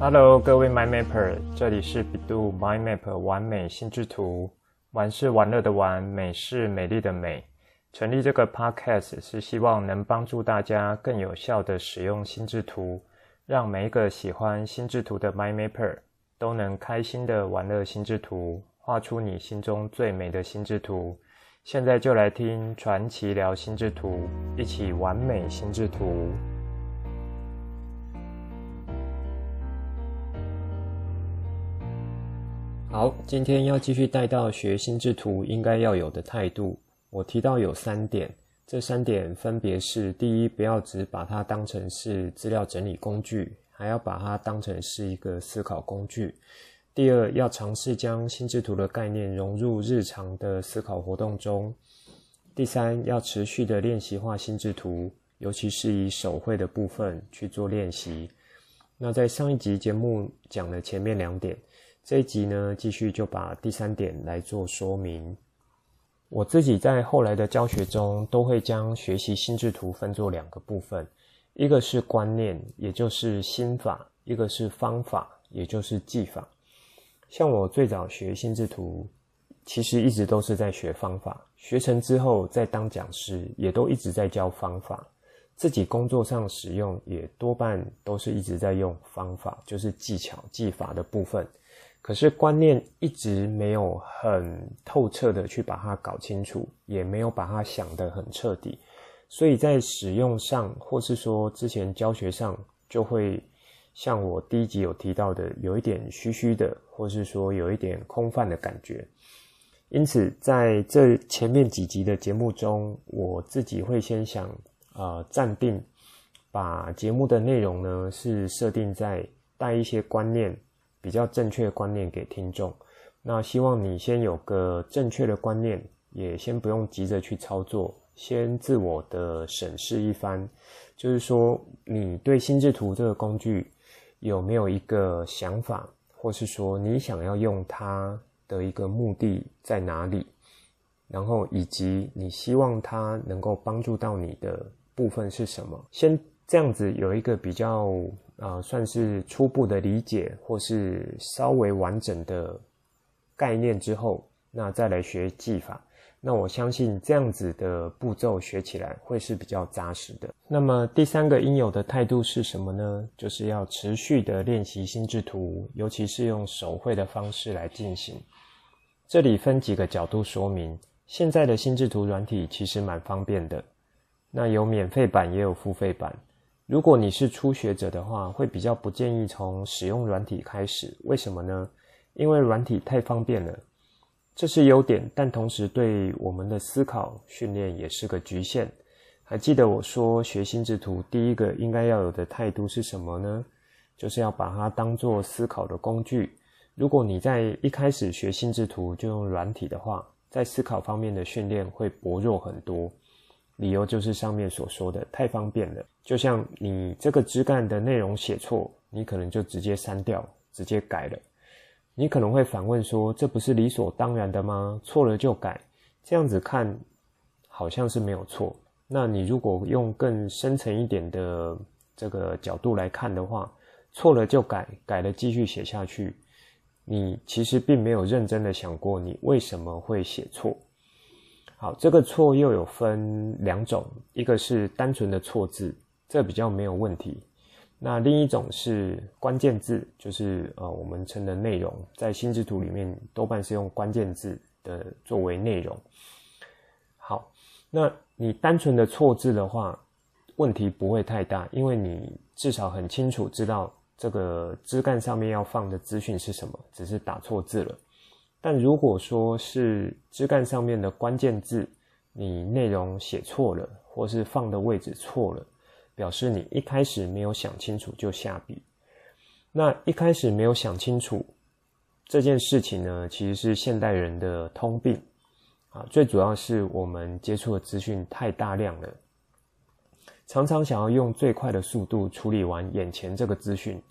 Hello，各位 Mind Mapper，這裡是 bEDU Mind Map 玩美心智圖。玩是玩樂的玩，美是美麗的美。成立這個 Podcast 是希望能幫助大家更有效的使用心智圖，讓每一個喜歡心智圖的 Mind Mapper 都能開心的玩樂心智圖，畫出你心中最美的心智圖。現在就來聽傳奇聊心智圖，一起玩美心智圖。好，今天要繼續帶到學心智圖應該要有的態度。我提到有三點，這三點分別是：第一，不要只把它當成是資料整理工具，還要把它當成是一個思考工具；第二，要嘗試將心智圖的概念融入日常的思考活動中；第三，要持續的練習畫心智圖，尤其是以手繪的部分去做練習。那在上一集節目講了前面兩點。這一集呢，繼續就把第三點來做說明。我自己在後來的教學中，都會將學習心智圖分作兩個部分，一個是觀念，也就是心法；一個是方法，也就是技法。像我最早學心智圖，其實一直都是在學方法。學成之後，再當講師，也都一直在教方法。自己工作上使用，也多半都是一直在用方法，就是技巧、技法的部分。可是觀念一直沒有很透徹的去把它搞清楚，也沒有把它想得很徹底，所以在使用上，或是說之前教學上，就會像我第一集有提到的，有一點虛虛的，或是說有一點空泛的感覺。因此，在這前面幾集的節目中，我自己會先想啊、呃，暫定把節目的內容呢，是設定在帶一些觀念。比較正確的觀念給聽眾，那希望你先有個正確的觀念，也先不用急着去操作，先自我的審視一番，就是說你對心智圖這個工具有沒有一個想法，或是說你想要用它的一個目的在哪裡，然後以及你希望它能夠幫助到你的部分是什麼，先。這樣子有一個比較啊、呃，算是初步的理解，或是稍微完整的概念之後，那再來學技法。那我相信這樣子的步驟學起來會是比較扎實的。那麼第三個應有的態度是什麼呢？就是要持續的練習心智圖，尤其是用手繪的方式來進行。這裡分幾個角度說明，現在的心智圖軟體其實蠻方便的，那有免費版也有付費版。如果你是初學者的話，會比較不建議從使用軟體開始。為什麼呢？因為軟體太方便了，這是優點，但同時對我們的思考訓練也是個局限。還記得我說學心智圖第一個應該要有的態度是什麼呢？就是要把它當作思考的工具。如果你在一開始學心智圖就用軟體的話，在思考方面的訓練會薄弱很多。理由就是上面所說的太方便了，就像你這個枝幹的內容寫錯，你可能就直接刪掉，直接改了。你可能會反問說：“這不是理所當然的嗎？錯了就改，這樣子看好像是沒有錯。”那你如果用更深層一點的這個角度來看的話，錯了就改，改了繼續寫下去，你其實並沒有認真的想過你為什麼會寫錯。好，這個錯又有分兩種，一個是單純的錯字，這比較沒有問題。那另一種是關鍵字，就是呃我們稱的內容，在心智圖裡面多半是用關鍵字的作為內容。好，那你單純的錯字的話，問題不會太大，因為你至少很清楚知道這個枝幹上面要放的資訊是什麼，只是打錯字了。但如果說是枝幹上面的關鍵字，你內容寫錯了，或是放的位置錯了，表示你一開始沒有想清楚就下筆。那一開始沒有想清楚這件事情呢，其實是現代人的通病啊。最主要是我們接觸的資訊太大量了，常常想要用最快的速度處理完眼前這個資訊，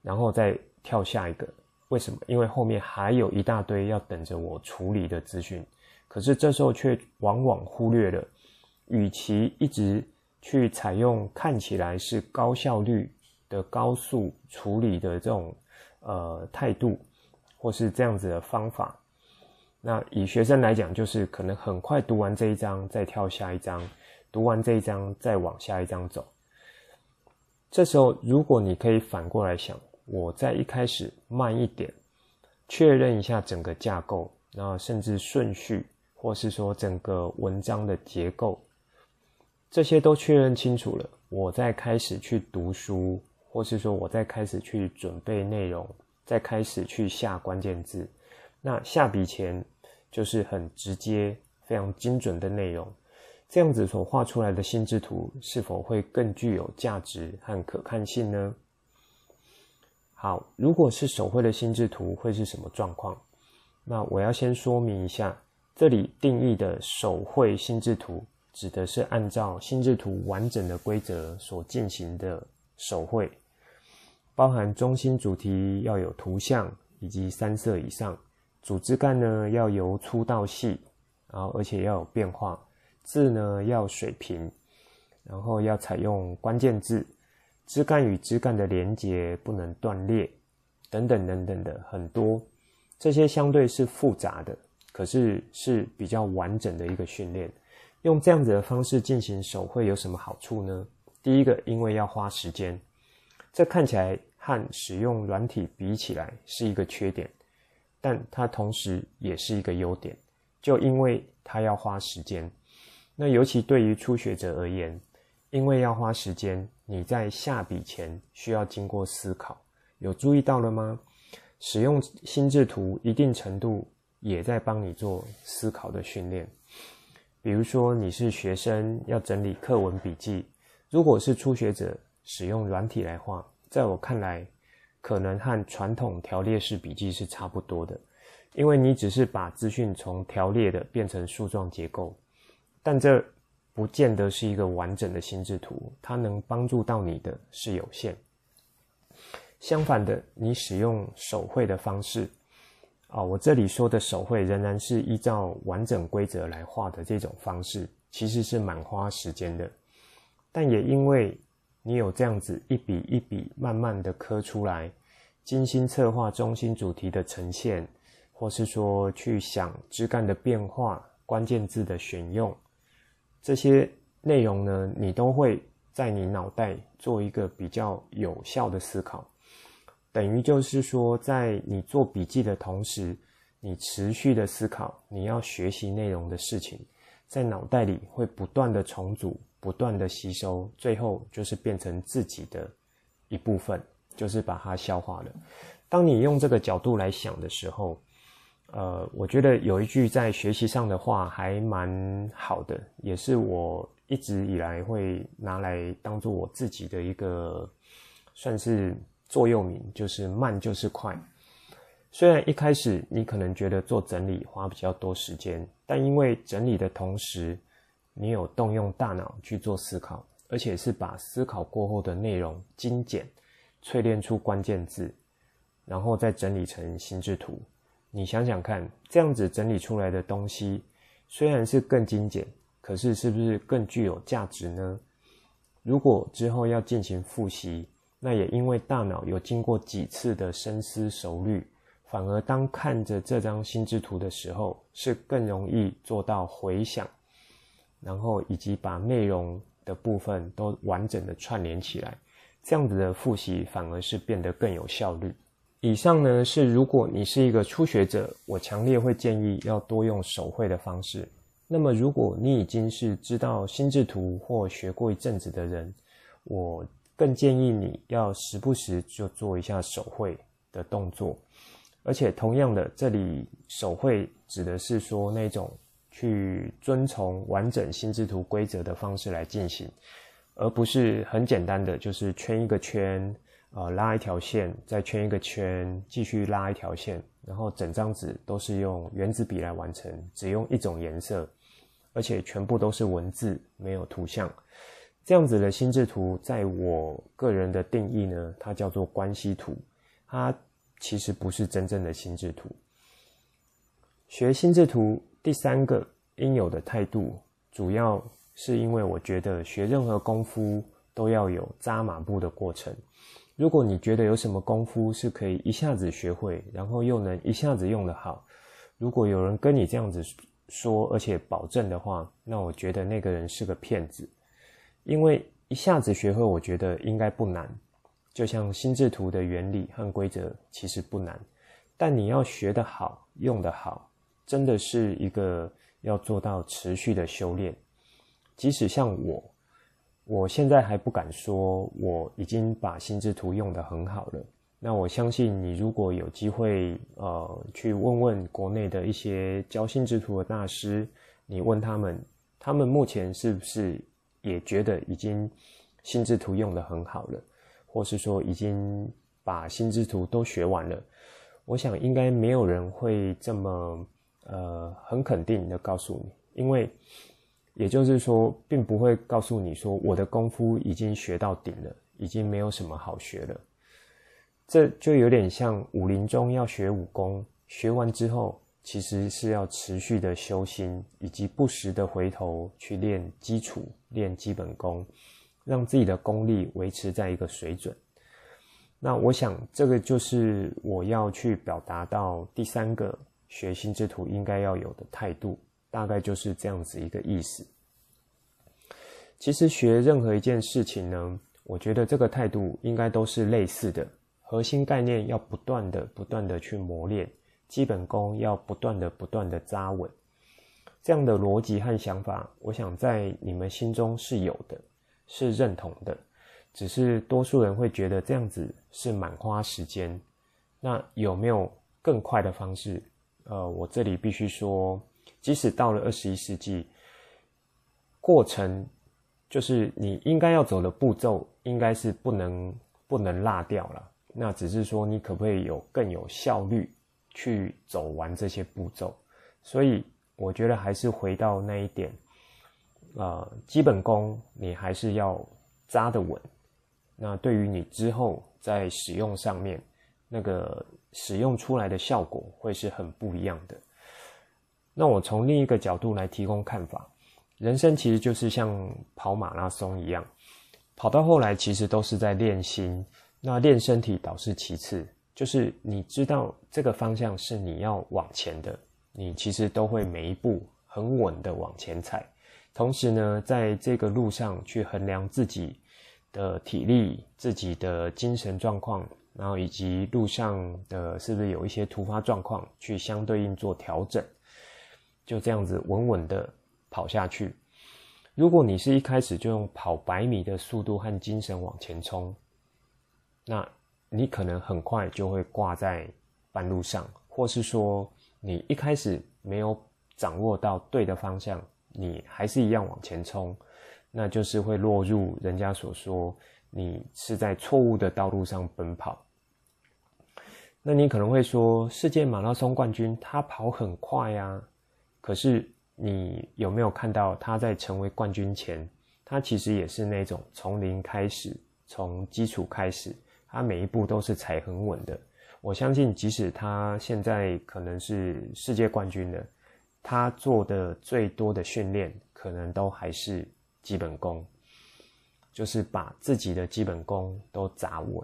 然後再跳下一個。為什麼？因為後面還有一大堆要等着我處理的資訊，可是這時候卻往往忽略了，與其一直去採用看起來是高效率的高速處理的這種呃態度，或是這樣子的方法，那以學生來講，就是可能很快讀完這一章，再跳下一章，讀完這一章再往下一章走。這時候，如果你可以反過來想。我在一開始慢一點，確認一下整個架構，然後甚至順序，或是說整個文章的結構，這些都確認清楚了，我再開始去讀書，或是說我再開始去準備內容，再開始去下關鍵字。那下筆前就是很直接、非常精準的內容，這樣子所畫出來的心智圖是否會更具有價值和可看性呢？好，如果是手繪的心智圖會是什麼狀況？那我要先說明一下，這裡定義的手繪心智圖指的是按照心智圖完整的規則所進行的手繪，包含中心主題要有圖像以及三色以上，主枝幹呢要由粗到細，然後而且要有變化，字呢要水平，然後要採用關鍵字。枝幹與枝幹的連接不能斷裂，等等等等的很多，這些相對是複雜的，可是是比較完整的一個訓練。用這樣子的方式進行手繪有什麼好處呢？第一個，因為要花時間，這看起來和使用軟體比起來是一個缺點，但它同時也是一個優點，就因為它要花時間。那尤其對於初學者而言，因為要花時間。你在下筆前需要經過思考，有注意到了嗎？使用心智圖一定程度也在幫你做思考的訓練。比如說你是學生要整理課文筆記，如果是初學者使用軟體來畫，在我看來，可能和傳統條列式筆記是差不多的，因為你只是把資訊從條列的變成樹狀結構，但這。不見得是一個完整的心智圖，它能幫助到你的是有限。相反的，你使用手繪的方式，啊，我這裡說的手繪仍然是依照完整規則來畫的這種方式，其實是蠻花時間的。但也因為你有這樣子一筆一筆慢慢的刻出來，精心策劃中心主題的呈現，或是說去想枝幹的變化，關鍵字的選用。這些內容呢，你都會在你腦袋做一個比較有效的思考，等於就是說，在你做筆記的同時，你持續的思考你要學習內容的事情，在腦袋裡會不斷的重組、不斷的吸收，最後就是變成自己的一部分，就是把它消化了。當你用這個角度來想的時候，呃，我覺得有一句在學習上的話還蠻好的，也是我一直以來會拿來當做我自己的一個算是座右銘，就是慢就是快。雖然一開始你可能覺得做整理花比較多時間，但因為整理的同時，你有動用大腦去做思考，而且是把思考過後的內容精簡、淬煉出關鍵字，然後再整理成心智圖。你想想看，這樣子整理出來的東西，雖然是更精簡，可是是不是更具有價值呢？如果之後要進行複習，那也因為大腦有經過幾次的深思熟慮，反而當看着這張心智圖的時候，是更容易做到回想，然後以及把內容的部分都完整的串聯起來，這樣子的複習反而是變得更有效率。以上呢，是如果你是一個初學者，我強烈會建議要多用手繪的方式。那麼如果你已經是知道心智圖或學過一陣子的人，我更建議你要時不時就做一下手繪的動作。而且同樣的，這裡手繪指的是說那種去遵從完整心智圖規則的方式來進行，而不是很簡單的就是圈一個圈。啊、呃！拉一條線，再圈一個圈，繼續拉一條線，然後整張紙都是用原子筆來完成，只用一種顏色，而且全部都是文字，沒有圖像。這樣子的心智圖，在我個人的定義呢，它叫做關係圖。它其實不是真正的心智圖。學心智圖第三個應有的態度，主要是因為我覺得學任何功夫都要有紮馬步的過程。如果你覺得有什麼功夫是可以一下子學會，然後又能一下子用得好，如果有人跟你這樣子說，而且保證的話，那我覺得那個人是個騙子。因為一下子學會，我覺得應該不難，就像心智圖的原理和規則其實不難，但你要學得好、用得好，真的是一個要做到持續的修煉。即使像我。我現在還不敢說我已經把心智圖用得很好了。那我相信你，如果有機會，呃，去問問國內的一些教心智圖的大師，你問他們，他們目前是不是也覺得已經心智圖用得很好了？或是說已經把心智圖都學完了？我想應該沒有人會這麼呃，很肯定的告訴你，因為。也就是說，並不會告訴你說我的功夫已經學到頂了，已經沒有什麼好學了。這就有點像武林中要學武功，學完之後，其實是要持續的修心，以及不時的回頭去練基礎、練基本功，讓自己的功力維持在一個水準。那我想，這個就是我要去表達到第三個學心智圖應該要有的態度。大概就是這樣子一個意思。其實學任何一件事情呢，我覺得這個態度應該都是類似的。核心概念要不斷的、不斷的去磨練，基本功要不斷的、不斷的扎穩。這樣的邏輯和想法，我想在你們心中是有的，是認同的。只是多數人會覺得這樣子是蠻花時間。那有沒有更快的方式？呃，我這裡必須說。即使到了二十一世紀，過程就是你應該要走的步驟，應該是不能不能落掉了。那只是說你可不可以有更有效率去走完這些步驟？所以我覺得還是回到那一點，呃，基本功你還是要紮得穩。那對於你之後在使用上面，那個使用出來的效果會是很不一樣的。那我從另一個角度來提供看法，人生其實就是像跑馬拉松一樣，跑到後來其實都是在練心，那練身體倒是其次。就是你知道這個方向是你要往前的，你其實都會每一步很穩的往前踩。同時呢，在這個路上去衡量自己的體力、自己的精神狀況，然後以及路上的是不是有一些突發狀況，去相對應做調整。就這樣子穩穩地跑下去。如果你是一開始就用跑百米的速度和精神往前衝，那你可能很快就會掛在半路上，或是說你一開始沒有掌握到對的方向，你還是一樣往前衝，那就是會落入人家所說你是在錯誤的道路上奔跑。那你可能會說，世界馬拉松冠軍他跑很快呀、啊。可是，你有沒有看到他在成為冠軍前？他其實也是那種從零開始，從基礎開始，他每一步都是踩很穩的。我相信，即使他現在可能是世界冠軍的，他做的最多的訓練，可能都還是基本功，就是把自己的基本功都砸穩。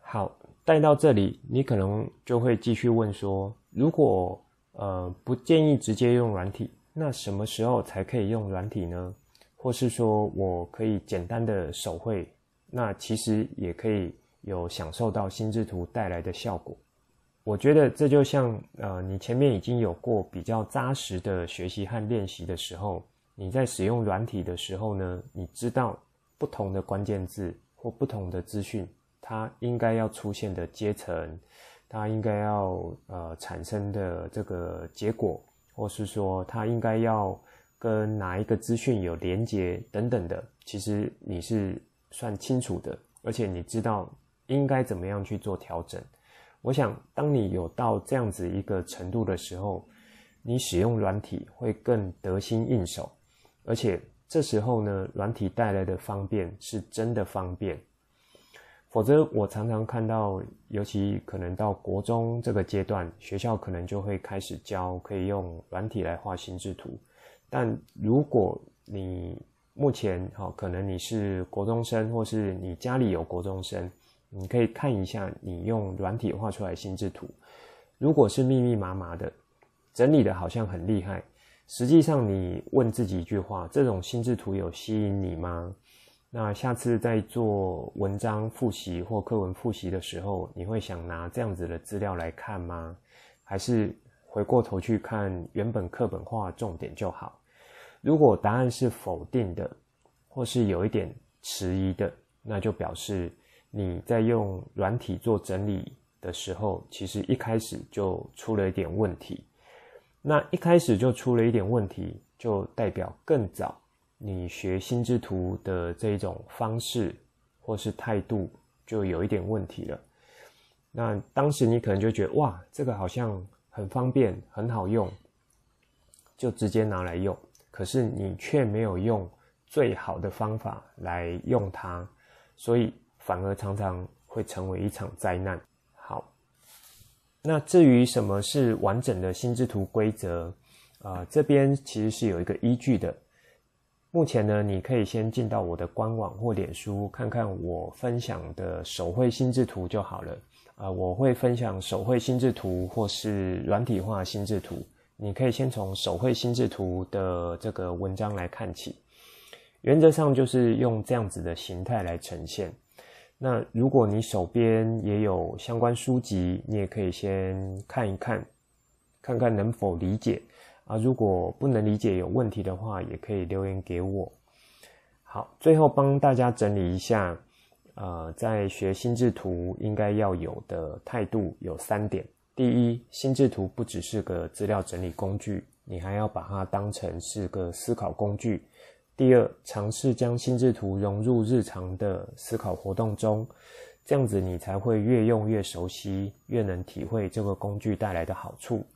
好，帶到這裡，你可能就會繼續問說，如果。呃，不建議直接用軟體。那什麼時候才可以用軟體呢？或是說我可以簡單的手繪，那其實也可以有享受到心智圖帶來的效果。我覺得這就像，呃，你前面已經有過比較扎實的學習和練習的時候，你在使用軟體的時候呢，你知道不同的關鍵字或不同的資訊，它應該要出現的階層。它應該要呃產生的這個結果，或是說它應該要跟哪一個資訊有連接等等的，其實你是算清楚的，而且你知道應該怎麼樣去做調整。我想，當你有到這樣子一個程度的時候，你使用軟體會更得心應手，而且這時候呢，軟體帶來的方便是真的方便。否則，我常常看到，尤其可能到國中這個階段，學校可能就會開始教可以用軟體來畫心智圖。但如果你目前哈、哦，可能你是國中生，或是你家裡有國中生，你可以看一下你用軟體畫出來心智圖。如果是密密麻麻的，整理得好像很厲害，實際上你問自己一句話：這種心智圖有吸引你嗎？那下次在做文章複習或課文複習的時候，你會想拿這樣子的資料來看嗎？還是回過頭去看原本課本畫的重點就好？如果答案是否定的，或是有一點遲疑的，那就表示你在用軟體做整理的時候，其實一開始就出了一點問題。那一開始就出了一點問題，就代表更早。你學心智圖的這一種方式或是態度，就有一點問題了。那當時你可能就覺得哇，這個好像很方便、很好用，就直接拿來用。可是你卻沒有用最好的方法來用它，所以反而常常會成為一場災難。好，那至於什麼是完整的心智圖規則啊，呃，這邊其實是有一個依據的。目前呢，你可以先進到我的官網或臉書看看我分享的手繪心智圖就好了。啊、呃，我會分享手繪心智圖或是軟體化心智圖，你可以先從手繪心智圖的這個文章來看起。原則上就是用這樣子的形態來呈現。那如果你手邊也有相關書籍，你也可以先看一看，看看能否理解。啊，如果不能理解有問題的話，也可以留言給我。好，最後幫大家整理一下，呃，在學心智圖應該要有的態度有三點。第一，心智圖不只是個資料整理工具，你還要把它當成是個思考工具。第二，嘗試將心智圖融入日常的思考活動中，這樣子你才會越用越熟悉，越能體會這個工具帶來的好處。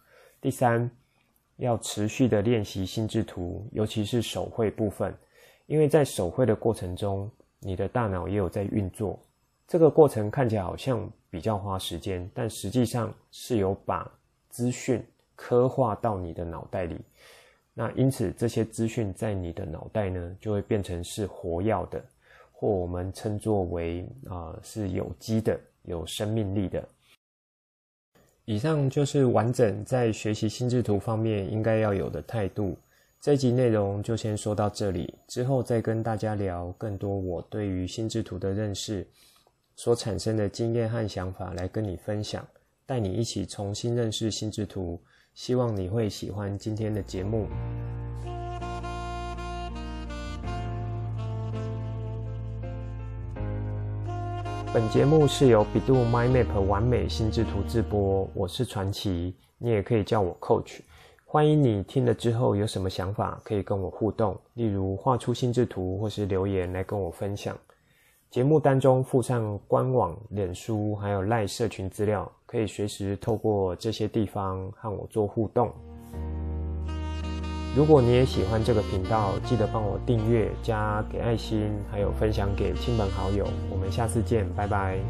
第三。要持續的練習心智圖，尤其是手繪部分，因為在手繪的過程中，你的大腦也有在運作。這個過程看起來好像比較花時間，但實際上是有把資訊刻畫到你的腦袋裡。那因此，這些資訊在你的腦袋呢，就會變成是活躍的，或我們稱作為啊、呃、是有機的、有生命力的。以上就是完整在學習心智圖方面應該要有的態度。這一集內容就先說到這裡，之後再跟大家聊更多我對於心智圖的認識所產生的經驗和想法，來跟你分享，帶你一起重新認識心智圖。希望你會喜歡今天的節目。本節目是由 bEDU MindMap 玩美心智圖製播，我是傳奇，你也可以叫我 Coach。歡迎你聽了之後有什麼想法，可以跟我互動，例如畫出心智圖或是留言來跟我分享。節目當中附上官網、臉書還有 LINE 社群資料，可以隨時透過這些地方和我做互動。如果你也喜歡這個頻道，記得幫我訂閱、加給愛心，還有分享給親朋好友。我們下次見，拜拜。